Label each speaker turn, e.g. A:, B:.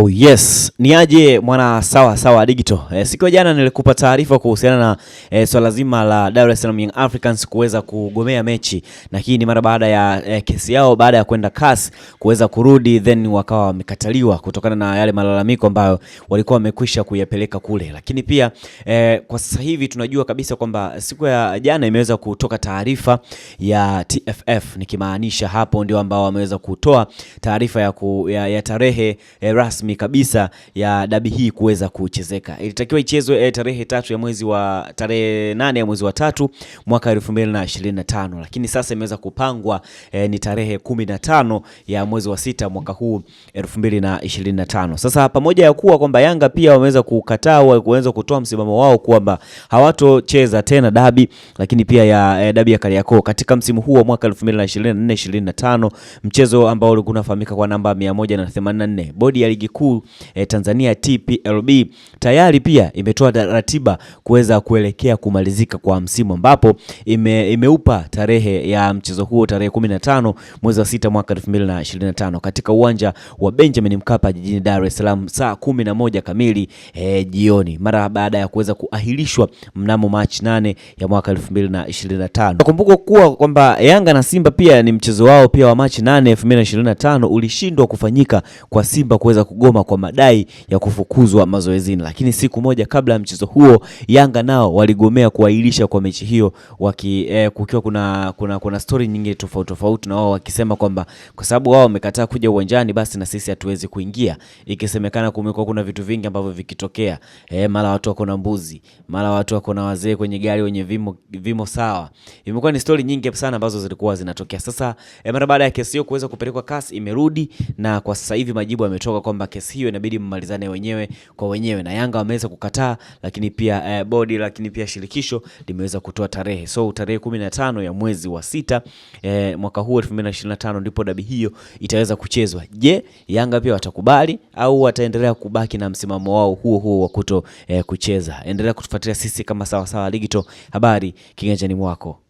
A: Oh yes, ni aje mwana sawa sawa digital. E, siku ya jana nilikupa taarifa kuhusiana na e, swala zima la Dar es Salaam Young Africans kuweza kugomea mechi na hii ni mara baada ya e, kesi yao baada ya kwenda CAS kuweza kurudi then wakawa wamekataliwa kutokana na yale malalamiko ambayo walikuwa wamekwisha kuyapeleka kule, lakini pia e, kwa sasa hivi tunajua kabisa kwamba siku ya jana imeweza kutoka taarifa ya TFF, nikimaanisha hapo ndio ambao wameweza kutoa taarifa ya, ya, ya tarehe e, rasmi rasmi kabisa ya dabi hii kuweza kuchezeka. Ilitakiwa ichezwe eh, tarehe tatu ya mwezi wa tarehe nane ya mwezi wa tatu mwaka 2025 lakini sasa imeweza kupangwa eh, ni tarehe 15 ya mwezi wa sita mwaka huu 2025. Sasa pamoja ya kuwa kwamba Yanga pia wameweza kukataa kuweza kutoa msimamo wao kwamba hawatocheza tena dabi, lakini pia ya eh, dabi ya Kariakoo katika msimu huu wa mwaka 2024 25 mchezo ambao ulikuwa unafahamika kwa namba 184 bodi ya ligi kuu eh, Tanzania TPLB tayari pia imetoa ratiba kuweza kuelekea kumalizika kwa msimu ambapo ime, imeupa tarehe ya mchezo huo tarehe 15 mwezi wa sita mwaka 2025 katika uwanja wa Benjamin Mkapa jijini Dar es Salaam saa moja kamili eh, jioni mara baada ya kuweza kuahirishwa mnamo Machi 8 ya mwaka 2025. Nakumbuka kuwa kwamba Yanga na Simba pia ni mchezo wao pia wa Machi 8 2025 ulishindwa kufanyika kwa Simba kuweza kugoma kwa madai ya kufukuzwa mazoezini. Lakini siku moja kabla ya mchezo huo, Yanga nao waligomea kuahirisha kwa mechi hiyo waki, eh, kukiwa kuna, kuna, kuna stori nyingi tofauti tofauti, na wao wakisema kwamba kwa sababu wao wamekataa kuja uwanjani, basi na sisi hatuwezi kuingia, ikisemekana kumekuwa kuna vitu vingi ambavyo vikitokea, eh, mara watu wako na mbuzi, mara watu wako na wazee kwenye gari wenye vimo, vimo sawa. Imekuwa ni stori nyingi sana ambazo zilikuwa zinatokea. Sasa eh, mara baada ya kesi hiyo kuweza kupelekwa CAS, imerudi na kwa sasa hivi majibu yametoka kwamba kesi hiyo inabidi mmalizane wenyewe kwa wenyewe, na Yanga wameweza kukataa, lakini pia eh, bodi lakini pia shirikisho limeweza kutoa tarehe. So tarehe 15 ya mwezi wa sita eh, mwaka huu 2025 ndipo dabi hiyo itaweza kuchezwa. Je, Yanga pia watakubali au wataendelea kubaki na msimamo wao huo huo wa kuto eh, kucheza? Endelea kutufuatilia sisi kama Sawasawa Ligito, habari kiganjani mwako.